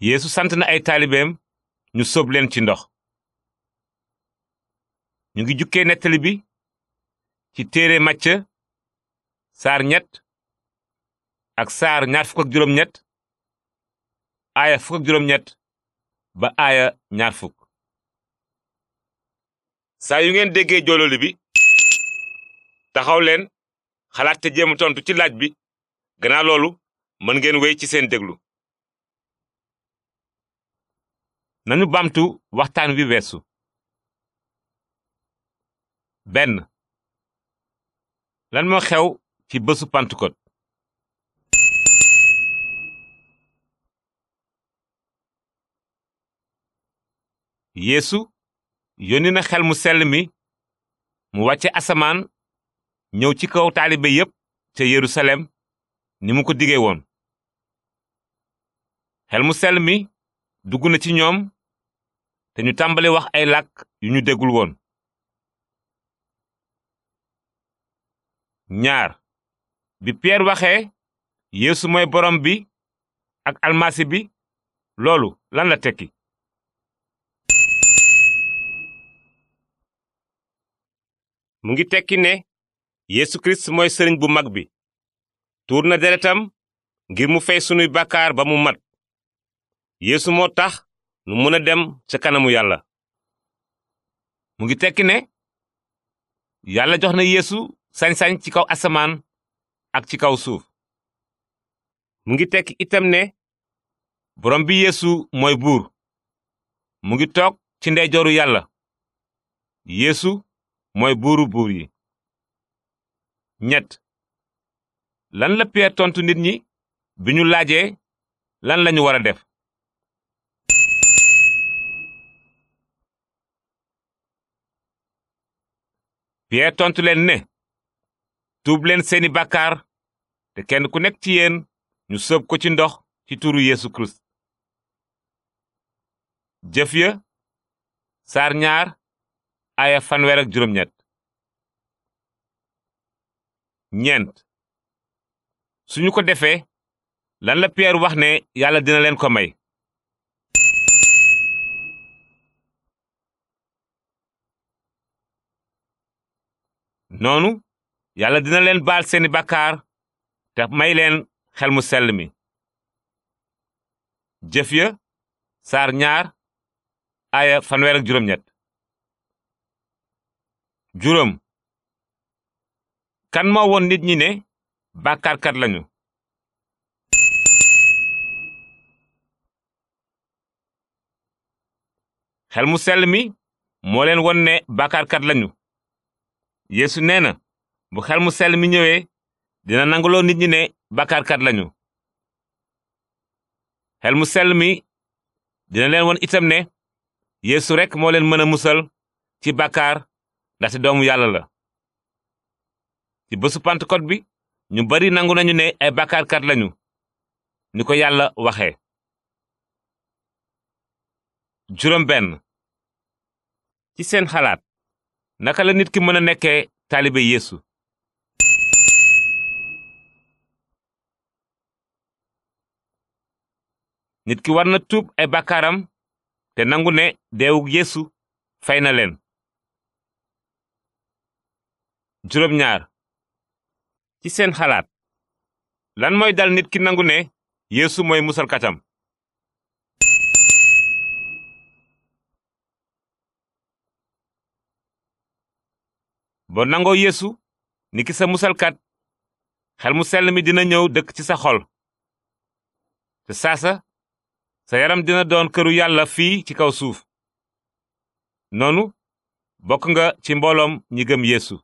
yéesu sant na ay taalibeem ñu sóob leen ci ndox ñu ngi jukkee nettali bi ci téere màcc saar ñett ak saar ñaar fukk ak juróom ñett aaya fukk ak juróom ñett ba aaya ñaar fukk saa yu ngeen déggee joololi bi taxaw leen xalaat te jéem tontu ci laaj bi gannaaw loolu mën ngeen wéy ci seen déglu nanu bamtu waxtaan wi weesu. benn lan moo xew ci bësu Pentecôte. yéesu yónni na xel mu sell mi mu wàcce asamaan ñëw ci kaw taalibe yépp ca Yerusalem ni mu ko digee woon. xel mu sell mi dugg na ci ñoom te ñu tàmbali wax ay làkk yu ñu déggul woon ñaar bi Pierre waxee yéesu mooy borom bi ak almasi bi loolu lan la tekki mu ngi tekki ne yéesu Kirist mooy sëriñ bu mag bi tuur na deretam ngir mu fey sunuy bàkkaar ba mu mat yéesu moo tax nu mën a dem ca kanamu yàlla mu ngi tekki ne yàlla jox na yéesu sañ ci kaw asamaan ak ci kaw suuf mu ngi tekki itam ne borom bi yéesu mooy buur mu ngi toog ci ndeyjooru yàlla yéesu mooy buuru buur yi ñett lan la Pierre tontu nit ñi bi ñu laajee lan lañu war a def Piyeer tontu leen ne tuub leen seeni bàkkaar te kenn ku nekk ci yéen ñu sëb ko ci ndox ci turu Yeesu Kirist jëf ya saar ñaar aaya fanweer ak juróom-ñett ñeent suñu ko defee lan la Piyeer wax ne yàlla dina leen ko may noonu yàlla dina leen baal seeni bakkaar te may leen xel mu sell mi jëf ya saar ñaar aaya fanweer ak juróom ñett juróom kan moo woon nit ñi ne bàkkaarkat lañu xel mu sell mi moo leen won ne bàkkaarkat lañu yéesu nee na bu xel mu sel mi ñëwee dina nanguloo nit ñi ne bàkkaarkat lañu xel mu sell mi dina leen won itam ne yeesu rek moo leen mën a musal ci bàkkaar ndaxte doomu yàlla la ci bésu Pentecôte bi ñu bari nangu nañu ne ay bàkkaarkat lañu ni ko yàlla waxe juróom ci seen xalaat naka la nit ki mën a nekkee taalibe yéesu nit ki war na tuub ay bàkkaaram te nangu ne deewu yéesu fay na leen. juróom ñaar ci seen xalaat lan mooy dal nit ki nangu ne yéesu mooy musalkatam. ba nangoo yéesu yeesu ki sa musalkat xel mu sell mi dina ñëw dëkk ci sa xol te saasa sa yaram dina doon këru yàlla fii ci kaw suuf noonu bokk nga ci mbooloom ñi gëm yéesu